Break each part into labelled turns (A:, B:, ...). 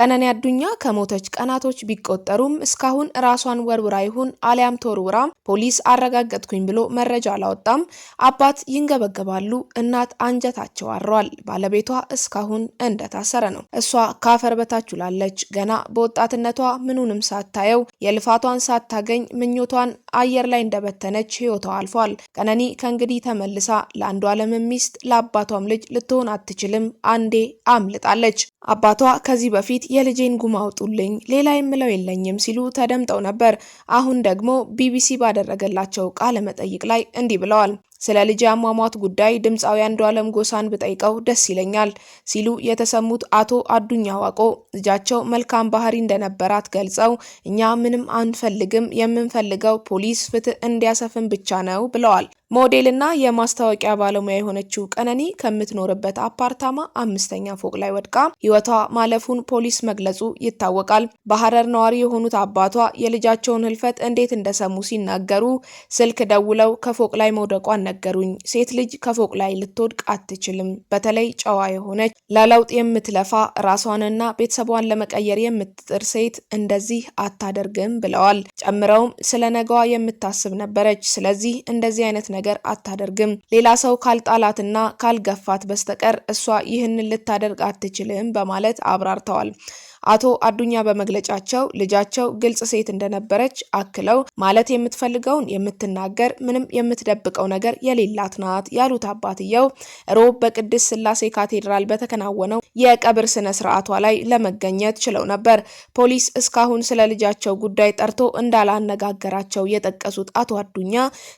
A: ቀነኒ አዱኛ ከሞተች ቀናቶች ቢቆጠሩም እስካሁን ራሷን ወርውራ ይሁን አሊያም ተወርውራ ፖሊስ አረጋገጥኩኝ ብሎ መረጃ አላወጣም። አባት ይንገበገባሉ፣ እናት አንጀታቸው አሯል። ባለቤቷ እስካሁን እንደታሰረ ነው። እሷ ካፈር በታች ውላለች። ገና በወጣትነቷ ምኑንም ሳታየው የልፋቷን ሳታገኝ ምኞቷን አየር ላይ እንደበተነች ህይወቷ አልፏል። ቀነኒ ከእንግዲህ ተመልሳ ለአንዱ ዓለም ሚስት ለአባቷም ልጅ ልትሆን አትችልም። አንዴ አምልጣለች። አባቷ ከዚህ በፊት በፊት የልጄን ጉም አውጡልኝ ሌላ የምለው የለኝም ሲሉ ተደምጠው ነበር። አሁን ደግሞ ቢቢሲ ባደረገላቸው ቃለ መጠይቅ ላይ እንዲህ ብለዋል። ስለ ልጅ አሟሟት ጉዳይ ድምፃዊ አለም ጎሳን ብጠይቀው ደስ ይለኛል ሲሉ የተሰሙት አቶ አዱኛ ዋቆ ልጃቸው መልካም ባህሪ እንደነበራት ገልጸው እኛ ምንም አንፈልግም፣ የምንፈልገው ፖሊስ ፍትህ እንዲያሰፍን ብቻ ነው ብለዋል። ሞዴልና የማስታወቂያ ባለሙያ የሆነችው ቀነኒ ከምትኖርበት አፓርታማ አምስተኛ ፎቅ ላይ ወድቃ ህይወቷ ማለፉን ፖሊስ መግለጹ ይታወቃል። በሐረር ነዋሪ የሆኑት አባቷ የልጃቸውን ህልፈት እንዴት እንደሰሙ ሲናገሩ ስልክ ደውለው ከፎቅ ላይ መውደቋን ነገሩኝ። ሴት ልጅ ከፎቅ ላይ ልትወድቅ አትችልም። በተለይ ጨዋ የሆነች ለለውጥ የምትለፋ ራሷንና ቤተሰቧን ለመቀየር የምትጥር ሴት እንደዚህ አታደርግም ብለዋል። ጨምረውም ስለ ነገዋ የምታስብ ነበረች። ስለዚህ እንደዚህ አይነት ነገር ነገር አታደርግም። ሌላ ሰው ካልጣላትና ካልገፋት በስተቀር እሷ ይህንን ልታደርግ አትችልም በማለት አብራርተዋል። አቶ አዱኛ በመግለጫቸው ልጃቸው ግልጽ ሴት እንደነበረች አክለው ማለት የምትፈልገውን የምትናገር ምንም የምትደብቀው ነገር የሌላት ናት ያሉት አባትየው ሮብ በቅድስት ስላሴ ካቴድራል በተከናወነው የቀብር ስነ ስርዓቷ ላይ ለመገኘት ችለው ነበር። ፖሊስ እስካሁን ስለ ልጃቸው ጉዳይ ጠርቶ እንዳላነጋገራቸው የጠቀሱት አቶ አዱኛ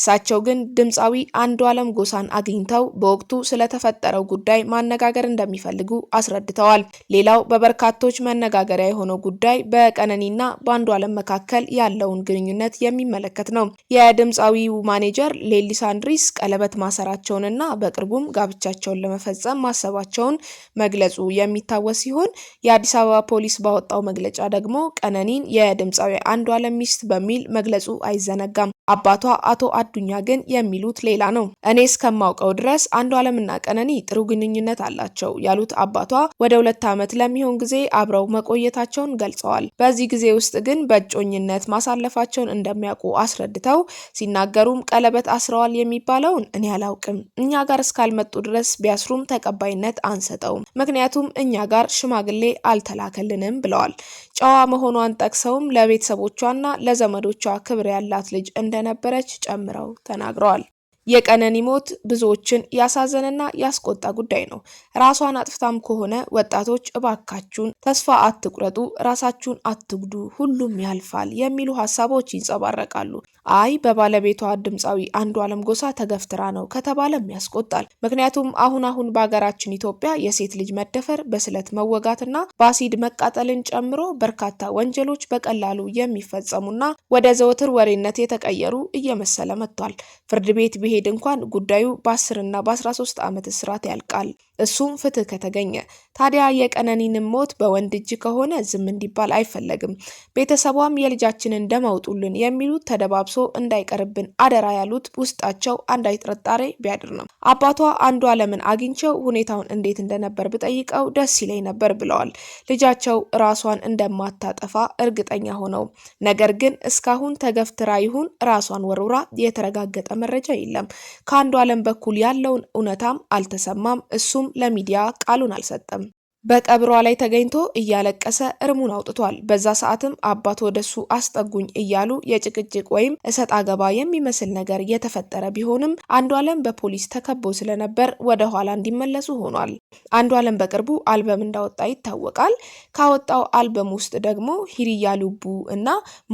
A: እሳቸው ግን ድምፃዊ አንዱዓለም ጎሳን አግኝተው በወቅቱ ስለተፈጠረው ጉዳይ ማነጋገር እንደሚፈልጉ አስረድተዋል። ሌላው በበርካቶች መነ መነጋገሪያ የሆነው ጉዳይ በቀነኒና በአንዱዓለም መካከል ያለውን ግንኙነት የሚመለከት ነው። የድምፃዊው ማኔጀር ሌሊሳ አንድሪስ ቀለበት ማሰራቸውንና በቅርቡም ጋብቻቸውን ለመፈጸም ማሰባቸውን መግለጹ የሚታወስ ሲሆን የአዲስ አበባ ፖሊስ ባወጣው መግለጫ ደግሞ ቀነኒን የድምፃዊ አንዱዓለም ሚስት በሚል መግለጹ አይዘነጋም። አባቷ አቶ አዱኛ ግን የሚሉት ሌላ ነው። እኔ እስከማውቀው ድረስ አንዱ አለምና ቀነኒ ጥሩ ግንኙነት አላቸው ያሉት አባቷ ወደ ሁለት ዓመት ለሚሆን ጊዜ አብረው መቆየታቸውን ገልጸዋል። በዚህ ጊዜ ውስጥ ግን በእጮኝነት ማሳለፋቸውን እንደሚያውቁ አስረድተው ሲናገሩም ቀለበት አስረዋል የሚባለውን እኔ አላውቅም፣ እኛ ጋር እስካልመጡ ድረስ ቢያስሩም ተቀባይነት አንሰጠውም፣ ምክንያቱም እኛ ጋር ሽማግሌ አልተላከልንም ብለዋል። ጨዋ መሆኗን ጠቅሰውም ለቤተሰቦቿና ለዘመዶቿ ክብር ያላት ልጅ እንደ እንደነበረች ጨምረው ተናግረዋል። የቀነኒ ሞት ብዙዎችን ያሳዘነና ያስቆጣ ጉዳይ ነው። ራሷን አጥፍታም ከሆነ ወጣቶች እባካችሁን ተስፋ አትቁረጡ፣ ራሳችሁን አትጉዱ፣ ሁሉም ያልፋል የሚሉ ሀሳቦች ይንጸባረቃሉ። አይ በባለቤቷ ድምፃዊ አንዱ አለም ጎሳ ተገፍትራ ነው ከተባለም ያስቆጣል። ምክንያቱም አሁን አሁን በሀገራችን ኢትዮጵያ የሴት ልጅ መደፈር በስለት መወጋትና በአሲድ መቃጠልን ጨምሮ በርካታ ወንጀሎች በቀላሉ የሚፈጸሙና ወደ ዘወትር ወሬነት የተቀየሩ እየመሰለ መጥቷል። ፍርድ ቤት ቢሄድ እንኳን ጉዳዩ በአስርና በአስራ ሶስት ዓመት እስራት ያልቃል። እሱም ፍትህ ከተገኘ ታዲያ የቀነኒንም ሞት በወንድ እጅ ከሆነ ዝም እንዲባል አይፈለግም። ቤተሰቧም የልጃችንን ደም አውጡልን የሚሉት ተደባብሶ ተባብሶ እንዳይቀርብን አደራ ያሉት ውስጣቸው አንዳች ጥርጣሬ ቢያድር ነው። አባቷ አንዱ አለምን አግኝቸው ሁኔታውን እንዴት እንደነበር ብጠይቀው ደስ ይለኝ ነበር ብለዋል። ልጃቸው ራሷን እንደማታጠፋ እርግጠኛ ሆነው፣ ነገር ግን እስካሁን ተገፍትራ ይሁን ራሷን ወርውራ የተረጋገጠ መረጃ የለም። ከአንዱ አለም በኩል ያለውን እውነታም አልተሰማም። እሱም ለሚዲያ ቃሉን አልሰጠም። በቀብሯ ላይ ተገኝቶ እያለቀሰ እርሙን አውጥቷል። በዛ ሰዓትም አባት ወደሱ አስጠጉኝ እያሉ የጭቅጭቅ ወይም እሰጥ አገባ የሚመስል ነገር የተፈጠረ ቢሆንም አንዱ አለም በፖሊስ ተከቦ ስለነበር ወደ ኋላ እንዲመለሱ ሆኗል። አንዱ አለም በቅርቡ አልበም እንዳወጣ ይታወቃል። ካወጣው አልበም ውስጥ ደግሞ ሂሪያ ሉቡ እና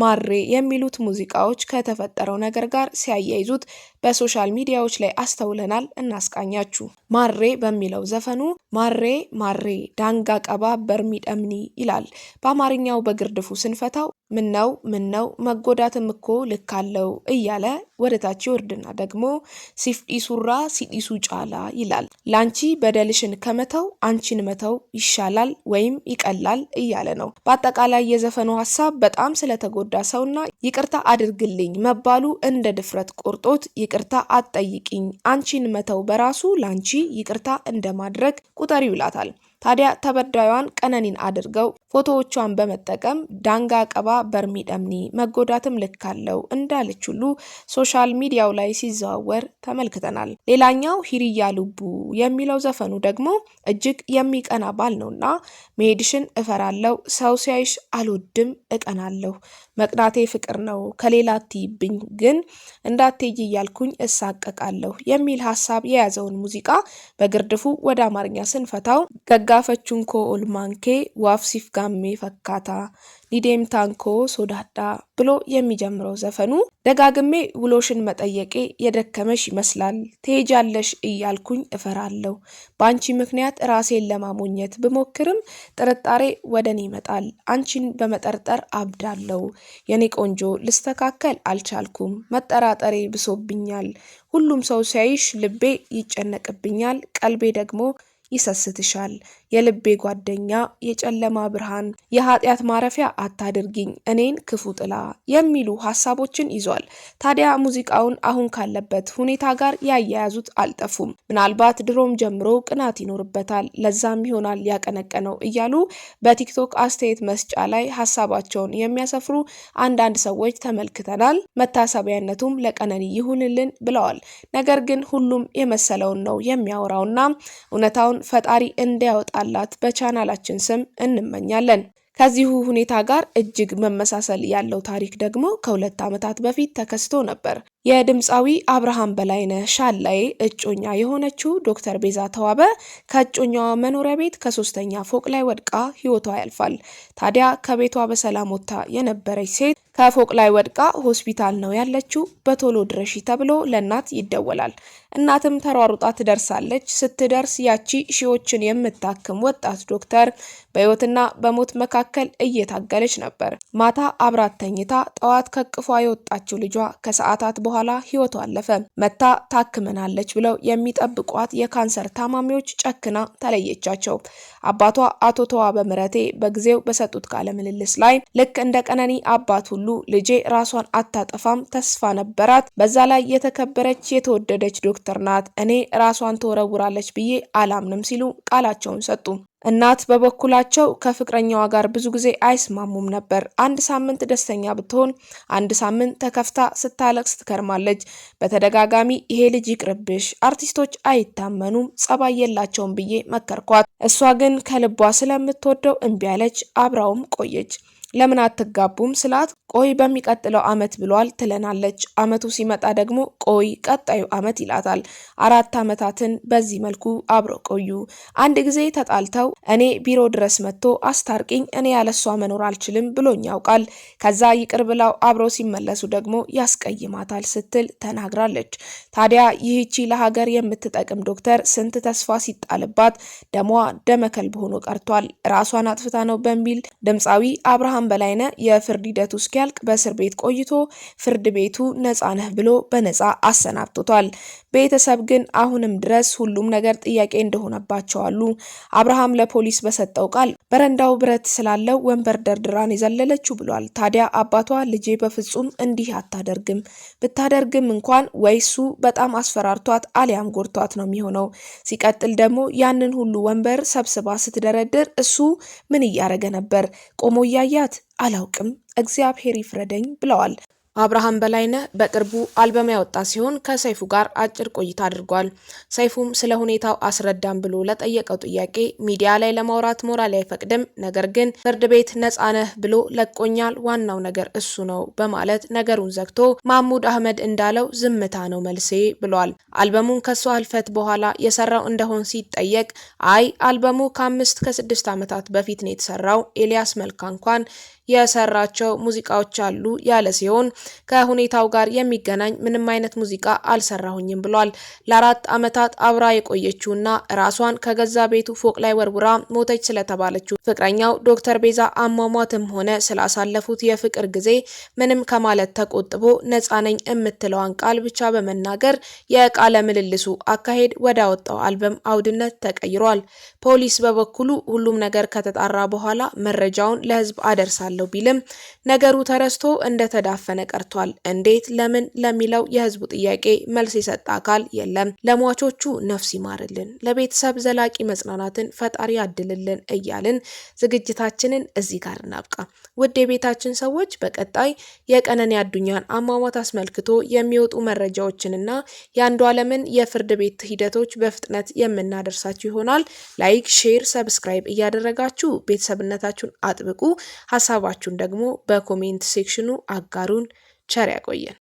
A: ማሬ የሚሉት ሙዚቃዎች ከተፈጠረው ነገር ጋር ሲያያይዙት በሶሻል ሚዲያዎች ላይ አስተውለናል። እናስቃኛችሁ። ማሬ በሚለው ዘፈኑ ማሬ ማሬ ዳንጋ ቀባ በርሚጠምኒ ይላል። በአማርኛው በግርድፉ ስንፈታው ምን ነው መጎዳትም እኮ ልክ አለው እያለ ወደ ታች ይወርድና ደግሞ ሲፍጢ ሱራ ሲጢሱ ጫላ ይላል። ላንቺ በደልሽን ከመተው አንቺን መተው ይሻላል ወይም ይቀላል እያለ ነው። በአጠቃላይ የዘፈኑ ሀሳብ በጣም ስለተጎዳ ሰውና ይቅርታ አድርግልኝ መባሉ እንደ ድፍረት ቆርጦት ይቅርታ አትጠይቂኝ አንቺን መተው በራሱ ላንቺ ይቅርታ እንደማድረግ ቁጠር ይውላታል። ታዲያ ተበዳዩዋን ቀነኒን አድርገው ፎቶዎቿን በመጠቀም ዳንጋ ቀባ በርሚ ደምኒ መጎዳትም ልክ አለው እንዳለች ሁሉ ሶሻል ሚዲያው ላይ ሲዘዋወር ተመልክተናል። ሌላኛው ሂርያ ልቡ የሚለው ዘፈኑ ደግሞ እጅግ የሚቀና ባል ነውና መሄድሽን እፈራለው፣ ሰው ሲያይሽ አልወድም እቀናለሁ፣ መቅናቴ ፍቅር ነው ከሌላ አትይብኝ፣ ግን እንዳትይ እያልኩኝ እሳቀቃለሁ የሚል ሀሳብ የያዘውን ሙዚቃ በግርድፉ ወደ አማርኛ ስንፈታው ማንኬ ዋፍሲፍ ጋ ዳሜ ፈካታ ኒዴም ታንኮ ሶዳዳ ብሎ የሚጀምረው ዘፈኑ ደጋግሜ ውሎሽን መጠየቄ የደከመሽ ይመስላል ትሄጃለሽ እያልኩኝ እፈራለሁ። በአንቺ ምክንያት ራሴን ለማሞኘት ብሞክርም ጥርጣሬ ወደን ይመጣል። አንቺን በመጠርጠር አብዳለሁ። የኔ ቆንጆ ልስተካከል አልቻልኩም። መጠራጠሬ ብሶብኛል። ሁሉም ሰው ሲያይሽ ልቤ ይጨነቅብኛል፣ ቀልቤ ደግሞ ይሰስትሻል። የልቤ ጓደኛ፣ የጨለማ ብርሃን፣ የኃጢአት ማረፊያ አታድርጊኝ፣ እኔን ክፉ ጥላ የሚሉ ሀሳቦችን ይዟል። ታዲያ ሙዚቃውን አሁን ካለበት ሁኔታ ጋር ያያያዙት አልጠፉም። ምናልባት ድሮም ጀምሮ ቅናት ይኖርበታል፣ ለዛም ይሆናል ያቀነቀነው እያሉ በቲክቶክ አስተያየት መስጫ ላይ ሀሳባቸውን የሚያሰፍሩ አንዳንድ ሰዎች ተመልክተናል። መታሰቢያነቱም ለቀነኒ ይሁንልን ብለዋል። ነገር ግን ሁሉም የመሰለውን ነው የሚያወራውና እውነታውን ፈጣሪ እንዲያወጣላት በቻናላችን ስም እንመኛለን። ከዚሁ ሁኔታ ጋር እጅግ መመሳሰል ያለው ታሪክ ደግሞ ከሁለት ዓመታት በፊት ተከስቶ ነበር። የድምፃዊ አብርሃም በላይነህ ሻላይ እጮኛ የሆነችው ዶክተር ቤዛ ተዋበ ከእጮኛዋ መኖሪያ ቤት ከሶስተኛ ፎቅ ላይ ወድቃ ሕይወቷ ያልፋል። ታዲያ ከቤቷ በሰላም ወጥታ የነበረች ሴት ከፎቅ ላይ ወድቃ ሆስፒታል ነው ያለችው፣ በቶሎ ድረሺ ተብሎ ለእናት ይደወላል። እናትም ተሯሩጣ ትደርሳለች። ስትደርስ ያቺ ሺዎችን የምታክም ወጣት ዶክተር በህይወትና በሞት መካከል እየታገለች ነበር። ማታ አብራት ተኝታ ጠዋት ከቅፏ የወጣችው ልጇ ከሰዓታት በኋላ ህይወቷ አለፈ። መታ ታክመናለች ብለው የሚጠብቋት የካንሰር ታማሚዎች ጨክና ተለየቻቸው። አባቷ አቶ ተዋበ ምረቴ በጊዜው በሰጡት ቃለ ምልልስ ላይ ልክ እንደ ቀነኒ አባት ሁሉ ልጄ ራሷን አታጠፋም፣ ተስፋ ነበራት። በዛ ላይ የተከበረች የተወደደች ዶክተር ናት። እኔ ራሷን ትወረውራለች ብዬ አላምንም ሲሉ ቃላቸውን ሰጡ። እናት በበኩላቸው ከፍቅረኛዋ ጋር ብዙ ጊዜ አይስማሙም ነበር። አንድ ሳምንት ደስተኛ ብትሆን፣ አንድ ሳምንት ተከፍታ ስታለቅስ ትከርማለች። በተደጋጋሚ ይሄ ልጅ ይቅርብሽ፣ አርቲስቶች አይታመኑም፣ ጸባይ የላቸውም ብዬ መከርኳት። እሷ ግን ከልቧ ስለምትወደው እምቢ አለች። አብራውም ቆየች። ለምን አትጋቡም ስላት ቆይ በሚቀጥለው አመት ብሏል ትለናለች። አመቱ ሲመጣ ደግሞ ቆይ ቀጣዩ አመት ይላታል። አራት አመታትን በዚህ መልኩ አብረው ቆዩ። አንድ ጊዜ ተጣልተው እኔ ቢሮ ድረስ መጥቶ አስታርቂኝ፣ እኔ ያለሷ መኖር አልችልም ብሎኝ ያውቃል። ከዛ ይቅር ብላው አብረው ሲመለሱ ደግሞ ያስቀይማታል ስትል ተናግራለች። ታዲያ ይህቺ ለሀገር የምትጠቅም ዶክተር ስንት ተስፋ ሲጣልባት ደሟ ደመከልብ ሆኖ ቀርቷል። ራሷን አጥፍታ ነው በሚል ድምፃዊ አብርሃም ከዛም በላይነህ የፍርድ ሂደቱ እስኪያልቅ በእስር ቤት ቆይቶ ፍርድ ቤቱ ነፃ ነህ ብሎ በነፃ አሰናብቶታል። ቤተሰብ ግን አሁንም ድረስ ሁሉም ነገር ጥያቄ እንደሆነባቸው አሉ። አብርሃም ለፖሊስ በሰጠው ቃል በረንዳው ብረት ስላለው ወንበር ደርድራን የዘለለችው ብሏል። ታዲያ አባቷ ልጄ በፍጹም እንዲህ አታደርግም፣ ብታደርግም እንኳን ወይ እሱ በጣም አስፈራርቷት አሊያም ጎድቷት ነው የሚሆነው። ሲቀጥል ደግሞ ያንን ሁሉ ወንበር ሰብስባ ስትደረድር እሱ ምን እያደረገ ነበር? ቆሞ እያያት አላውቅም እግዚአብሔር ይፍረደኝ ብለዋል። አብርሃም በላይነህ በቅርቡ አልበም ያወጣ ሲሆን ከሰይፉ ጋር አጭር ቆይታ አድርጓል። ሰይፉም ስለ ሁኔታው አስረዳም ብሎ ለጠየቀው ጥያቄ ሚዲያ ላይ ለማውራት ሞራል አይፈቅድም፣ ነገር ግን ፍርድ ቤት ነጻ ነህ ብሎ ለቆኛል፣ ዋናው ነገር እሱ ነው በማለት ነገሩን ዘግቶ ማህሙድ አህመድ እንዳለው ዝምታ ነው መልሴ ብሏል። አልበሙን ከሱ ህልፈት በኋላ የሰራው እንደሆን ሲጠየቅ አይ አልበሙ ከአምስት ከስድስት ዓመታት በፊት ነው የተሰራው ኤልያስ መልካ እንኳን የሰራቸው ሙዚቃዎች አሉ ያለ ሲሆን ከሁኔታው ጋር የሚገናኝ ምንም አይነት ሙዚቃ አልሰራሁኝም ብሏል። ለአራት ዓመታት አብራ የቆየችውና ራሷን ከገዛ ቤቱ ፎቅ ላይ ወርውራ ሞተች ስለተባለችው ፍቅረኛው ዶክተር ቤዛ አሟሟትም ሆነ ስላሳለፉት የፍቅር ጊዜ ምንም ከማለት ተቆጥቦ ነፃ ነኝ የምትለዋን ቃል ብቻ በመናገር የቃለ ምልልሱ አካሄድ ወደ አልበም አውድነት ተቀይሯል። ፖሊስ በበኩሉ ሁሉም ነገር ከተጣራ በኋላ መረጃውን ለህዝብ አደርሳል አደርጋለሁ ቢልም ነገሩ ተረስቶ እንደተዳፈነ ቀርቷል። እንዴት፣ ለምን ለሚለው የህዝቡ ጥያቄ መልስ የሰጠ አካል የለም። ለሟቾቹ ነፍስ ይማርልን፣ ለቤተሰብ ዘላቂ መጽናናትን ፈጣሪ አድልልን እያልን ዝግጅታችንን እዚህ ጋር እናብቃ። ውድ የቤታችን ሰዎች በቀጣይ የቀነኒ አዱኛን አሟሟት አስመልክቶ የሚወጡ መረጃዎችንና የአንዱ አለምን የፍርድ ቤት ሂደቶች በፍጥነት የምናደርሳችሁ ይሆናል። ላይክ፣ ሼር፣ ሰብስክራይብ እያደረጋችሁ ቤተሰብነታችሁን አጥብቁ ሀሳብ ሀሳባችሁን ደግሞ በኮሜንት ሴክሽኑ አጋሩን። ቸር ያቆየን።